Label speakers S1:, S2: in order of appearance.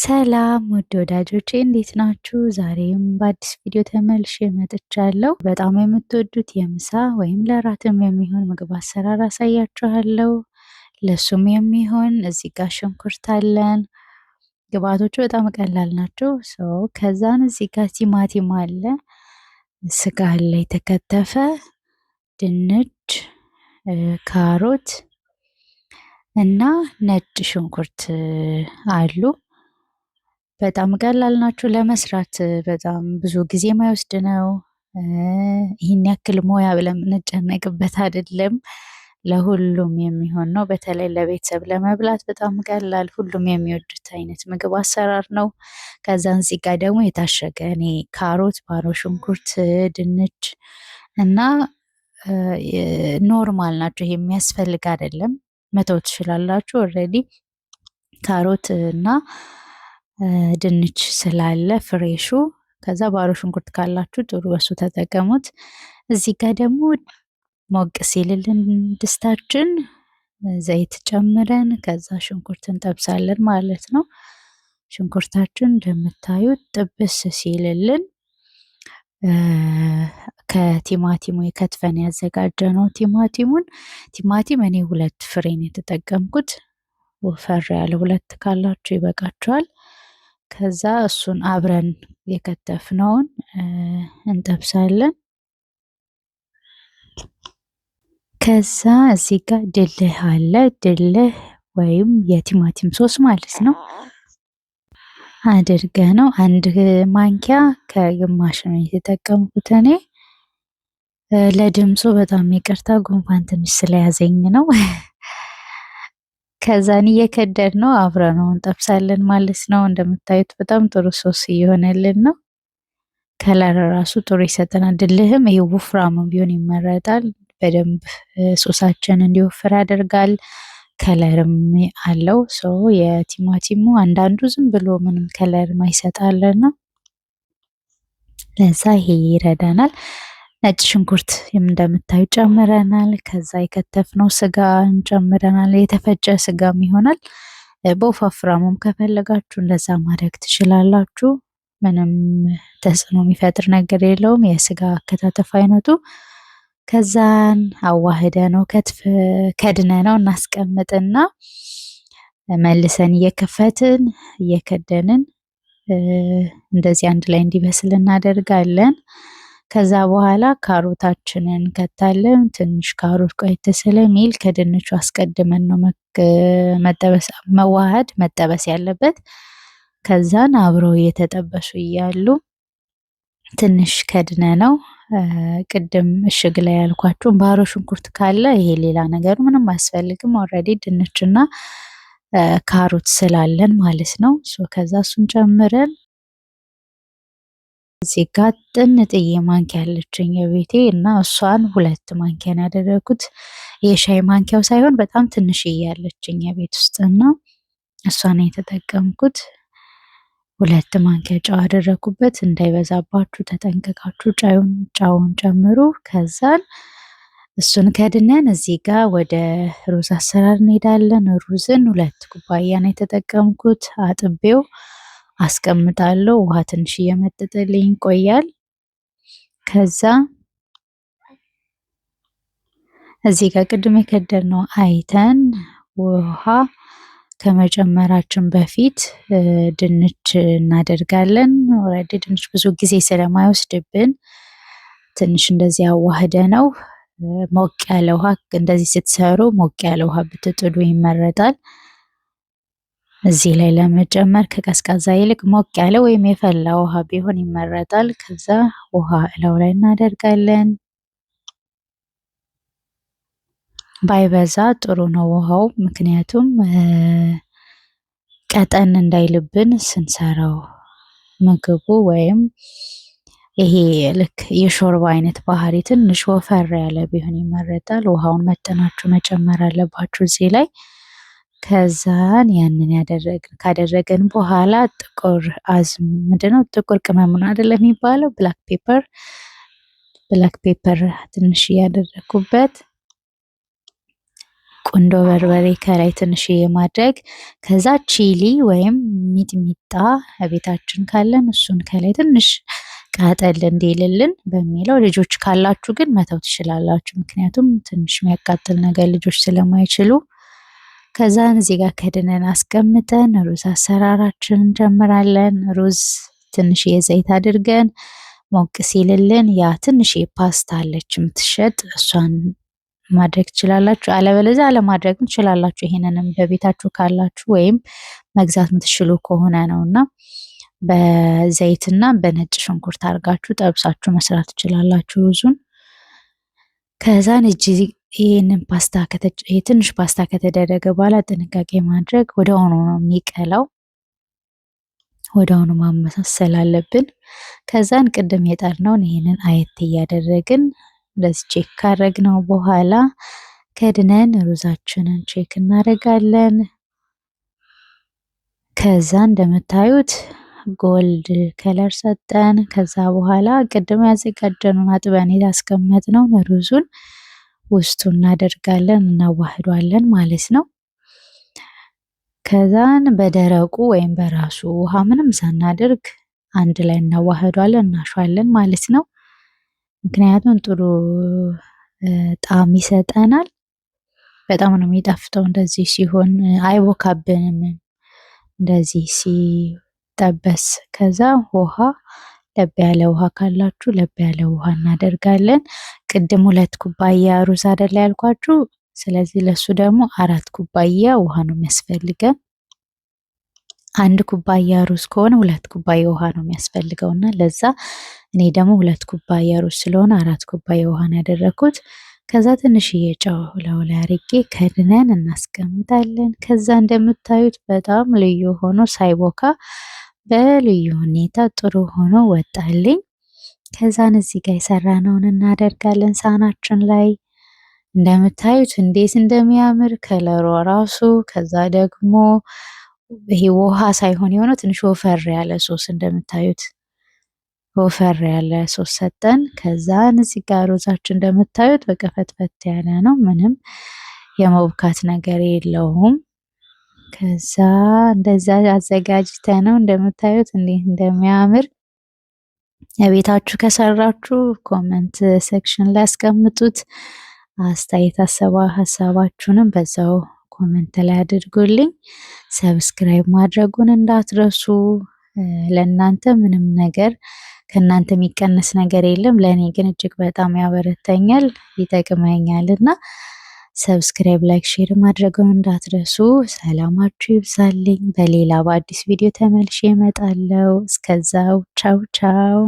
S1: ሰላም ውድ ወዳጆቼ እንዴት ናችሁ? ዛሬም በአዲስ ቪዲዮ ተመልሼ መጥቻለሁ። በጣም የምትወዱት የምሳ ወይም ለራትም የሚሆን ምግብ አሰራር አሳያችኋለሁ። ለሱም የሚሆን እዚህ ጋር ሽንኩርት አለን። ግብአቶቹ በጣም ቀላል ናቸው። ሰው ከዛን እዚህ ጋር ቲማቲም አለ፣ ስጋ አለ የተከተፈ፣ ድንች፣ ካሮት እና ነጭ ሽንኩርት አሉ በጣም ቀላል ናቸው ለመስራት። በጣም ብዙ ጊዜ ማይወስድ ነው። ይህን ያክል ሙያ ብለን የምንጨነቅበት አይደለም። ለሁሉም የሚሆን ነው። በተለይ ለቤተሰብ ለመብላት በጣም ቀላል፣ ሁሉም የሚወዱት አይነት ምግብ አሰራር ነው። ከዛን ሲጋ ደግሞ የታሸገ እኔ ካሮት፣ ባሮ ሽንኩርት፣ ድንች እና ኖርማል ናቸው። ይሄ የሚያስፈልግ አይደለም፣ መተው ትችላላችሁ። ኦልሬዲ ካሮት እና ድንች ስላለ ፍሬሹ ከዛ ባሮ ሽንኩርት ካላችሁ ጥሩ በሱ ተጠቀሙት። እዚህ ጋር ደግሞ ሞቅ ሲልልን ድስታችን ዘይት ጨምረን ከዛ ሽንኩርት እንጠብሳለን ማለት ነው። ሽንኩርታችን እንደምታዩት ጥብስ ሲልልን ከቲማቲሙ የከትፈን ያዘጋጀ ነው። ቲማቲሙን ቲማቲም እኔ ሁለት ፍሬን የተጠቀምኩት ወፈር ያለ ሁለት ካላችሁ ይበቃችኋል። ከዛ እሱን አብረን የከተፍነውን እንጠብሳለን። ከዛ እዚህ ጋር ድልህ አለ። ድልህ ወይም የቲማቲም ሶስ ማለት ነው። አድርገ ነው አንድ ማንኪያ ከግማሽ ነው የተጠቀምኩት እኔ። ለድምፁ በጣም ይቅርታ ጉንፋን ትንሽ ስለያዘኝ ነው። ከዛን እየከደድ ነው አብረን ነው እንጠብሳለን ማለት ነው። እንደምታዩት በጣም ጥሩ ሶስ እየሆነልን ነው። ከለር ራሱ ጥሩ ይሰጠናል። ድልህም ይሄ ወፍራምም ቢሆን ይመረጣል። በደንብ ሶሳችን እንዲወፍር ያደርጋል። ከለርም አለው ሰው የቲማቲሙ አንዳንዱ ዝም ብሎ ምንም ከለር ማይሰጥ ለዛ ይሄ ይረዳናል። ነጭ ሽንኩርት እንደምታዩ ጨምረናል። ከዛ የከተፍነው ስጋ እንጨምረናል። የተፈጨ ስጋም ይሆናል። በወፋፍራሙም ከፈለጋችሁ እንደዛ ማድረግ ትችላላችሁ። ምንም ተጽዕኖ የሚፈጥር ነገር የለውም የስጋ አከታተፍ አይነቱ። ከዛን አዋህደ ነው ከትፍ ከድነ ነው እናስቀምጥና መልሰን እየከፈትን እየከደንን እንደዚህ አንድ ላይ እንዲበስል እናደርጋለን። ከዛ በኋላ ካሮታችንን ከታለን ትንሽ ካሮት ቆየት ስለሚል ከድንቹ አስቀድመን ነው መጠበስ መዋሃድ መጠበስ ያለበት። ከዛን አብረው እየተጠበሱ እያሉ ትንሽ ከድነ ነው ቅድም እሽግ ላይ ያልኳችሁን ባሮ ሽንኩርት ካለ ይሄ ሌላ ነገሩ ምንም አያስፈልግም። ኦልሬዲ ድንችና ካሮት ስላለን ማለት ነው። ከዛ እሱን ጨምረን እዚህ ጋ ጥንጥዬ ማንኪያ ያለችኝ የቤቴ እና እሷን ሁለት ማንኪያን ያደረጉት የሻይ ማንኪያው ሳይሆን በጣም ትንሽዬ ያለችኝ የቤት ውስጥ እና እሷን የተጠቀምኩት ሁለት ማንኪያ ጨው አደረኩበት። እንዳይበዛባችሁ ተጠንቀቃችሁ ጫውን ጫውን ጨምሩ። ከዛን እሱን ከድነን እዚህ ጋር ወደ ሩዝ አሰራር እንሄዳለን። ሩዝን ሁለት ኩባያ ነው የተጠቀምኩት አጥቤው አስቀምጣለሁ። ውሃ ትንሽ እየመጠጠልኝ ይቆያል። ከዛ እዚህ ጋር ቅድም የከደነው አይተን ውሃ ከመጨመራችን በፊት ድንች እናደርጋለን። ኦልሬዲ ድንች ብዙ ጊዜ ስለማይወስድብን ትንሽ እንደዚህ አዋህደ ነው። ሞቅ ያለ ውሃ እንደዚህ ስትሰሩ ሞቅ ያለ ውሃ ብትጥዱ ይመረጣል። እዚህ ላይ ለመጨመር ከቀዝቃዛ ይልቅ ሞቅ ያለ ወይም የፈላ ውሃ ቢሆን ይመረጣል። ከዛ ውሃ እላው ላይ እናደርጋለን። ባይበዛ ጥሩ ነው ውሃው፣ ምክንያቱም ቀጠን እንዳይልብን ስንሰራው ምግቡ ወይም ይሄ ልክ የሾርባ አይነት ባህሪ ትንሽ ወፈር ያለ ቢሆን ይመረጣል። ውሃውን መጠናችሁ መጨመር አለባችሁ እዚህ ላይ ከዛን ያንን ያደረግን ካደረገን በኋላ ጥቁር አዝም ምንድነው ጥቁር ቅመም ነው አይደለም የሚባለው? ብላክ ፔፐር ብላክ ፔፐር ትንሽ እያደረግኩበት ቁንዶ በርበሬ ከላይ ትንሽ የማድረግ ከዛ ቺሊ ወይም ሚጥሚጣ ቤታችን ካለን እሱን ከላይ ትንሽ ቃጠል እንዲልልን በሚለው ልጆች ካላችሁ ግን መተው ትችላላችሁ። ምክንያቱም ትንሽ የሚያቃጥል ነገር ልጆች ስለማይችሉ ከዛን እዚህ ጋር ከድነን አስቀምጠን ሩዝ አሰራራችን እንጀምራለን። ሩዝ ትንሽ የዘይት አድርገን ሞቅ ሲልልን ያ ትንሽ ፓስታ አለች የምትሸጥ እሷን ማድረግ ትችላላችሁ። አለበለዚያ አለማድረግ ትችላላችሁ። ይሄንንም በቤታችሁ ካላችሁ ወይም መግዛት የምትችሉ ከሆነ ነው እና በዘይትና በነጭ ሽንኩርት አድርጋችሁ ጠብሳችሁ መስራት ትችላላችሁ ሩዙን። ከዛን እጅ ይህንን ፓስታ ትንሽ ፓስታ ከተደረገ በኋላ ጥንቃቄ ማድረግ ወደ አሁኑ ነው የሚቀላው። ወደ አሁኑ ማመሳሰል አለብን። ከዛን ቅድም የጠርነውን ይህንን አየት እያደረግን እንደዚህ ቼክ ካረግነው በኋላ ከድነን ሩዛችንን ቼክ እናደርጋለን። ከዛ እንደምታዩት ጎልድ ከለር ሰጠን። ከዛ በኋላ ቅድም ያዘጋጀነውን አጥበን ያስቀመጥነውን ሩዙን ውስጡ እናደርጋለን እናዋህዷለን ማለት ነው። ከዛን በደረቁ ወይም በራሱ ውሃ ምንም ሳናደርግ አንድ ላይ እናዋህዷለን እናሸዋለን ማለት ነው። ምክንያቱም ጥሩ ጣዕም ይሰጠናል። በጣም ነው የሚጣፍጠው እንደዚህ ሲሆን አይቦካብንም። እንደዚህ ሲጠበስ ከዛ ውሃ ለብ ያለ ውሃ ካላችሁ ለብ ያለ ውሃ እናደርጋለን። ቅድም ሁለት ኩባያ ሩዝ አይደል ያልኳችሁ? ስለዚህ ለሱ ደግሞ አራት ኩባያ ውሃ ነው የሚያስፈልገን። አንድ ኩባያ ሩዝ ከሆነ ሁለት ኩባያ ውሃ ነው የሚያስፈልገው እና ለዛ እኔ ደግሞ ሁለት ኩባያ ሩዝ ስለሆነ አራት ኩባያ ውሃ ነው ያደረኩት። ከዛ ትንሽዬ ጨው ላዩ ላይ አርጌ ከድነን እናስቀምጣለን። ከዛ እንደምታዩት በጣም ልዩ ሆኖ ሳይቦካ በልዩ ሁኔታ ጥሩ ሆኖ ወጣልኝ። ከዛን እዚህ ጋር የሰራነውን እናደርጋለን ሳህናችን ላይ እንደምታዩት እንዴት እንደሚያምር ከለሯ ራሱ። ከዛ ደግሞ ይሄ ውሃ ሳይሆን የሆነው ትንሽ ወፈር ያለ ሶስ እንደምታዩት ወፈር ያለ ሶስ ሰጠን። ከዛን እዚህ ጋር ሮዛችን እንደምታዩት በቀፈትፈት ያለ ነው። ምንም የመብካት ነገር የለውም። ከዛ እንደዛ አዘጋጅተ ነው እንደምታዩት እንዴት እንደሚያምር የቤታችሁ ከሰራችሁ ኮመንት ሴክሽን ላይ አስቀምጡት አስተያየት አሰባ ሀሳባችሁንም በዛው ኮመንት ላይ አድርጉልኝ። ሰብስክራይብ ማድረጉን እንዳትረሱ። ለእናንተ ምንም ነገር ከእናንተ የሚቀነስ ነገር የለም። ለእኔ ግን እጅግ በጣም ያበረተኛል ይጠቅመኛል እና ሰብስክራይብ፣ ላይክ፣ ሼር ማድረገውን እንዳትረሱ። ሰላማችሁ ይብዛልኝ። በሌላ በአዲስ ቪዲዮ ተመልሼ እመጣለሁ። እስከዛው ቻው ቻው።